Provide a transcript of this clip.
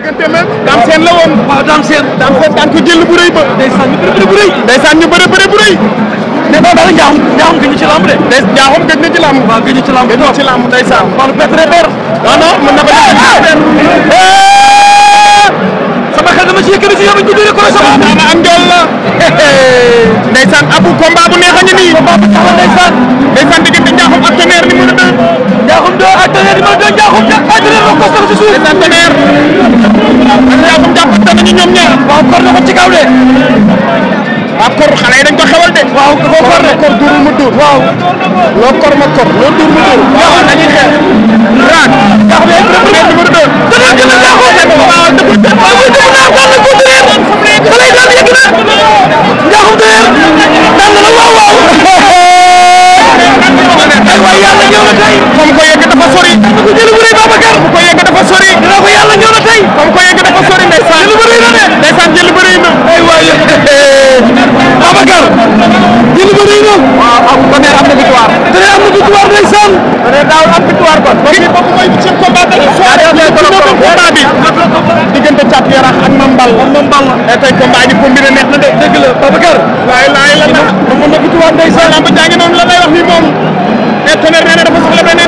diggante même daam seen la woon waaw daam seen daam seen daan ko jël bu rëy ba ndeysaan ñu bëre bëre bu rëy ndeysaan ñu bëre bëre bu rëy ne ba dara njaaxum njaaxum gëj ci lamb de njaaxum gëj na ci lamb waaw gëj ci lamb gëj ci lamb ndeysaan wala pétré ber non non mën na ko sama xel dama ci yëkkati si yow ñu diri ko sama dama am jël la ndeysaan abu combat bu neex a ngi nii combat bu taxaw ndeysaan ndeysaan diggante njaaxum ak tonnerre numéro 2 njaaxum 2 ak tonnerre numéro 2 ko ko ko ci suuf dañ naan tegeer am yaa bum jàppante nañu ñoom ñaar waaw kor na ko ci kaw de waaw kor xale yi dañ ko xewal de waaw ko kor de kor duur mu duur waaw loo kor ma kor loo duur mu duur waaw dañuy xeex raak tax be premier numéro 2 daawul am victoire kon. kii boobu mooy seen combat bi. daa def seen combat bi diggante Thiat Yarakh ak Mame Balla. ak Mame Balla. te eh, tey combat yi combiné neex na de laay la ndax. dama nekk ci wàllu ndey sa lamb lay wax ni moom. te eh, Tonnerre nee na dafa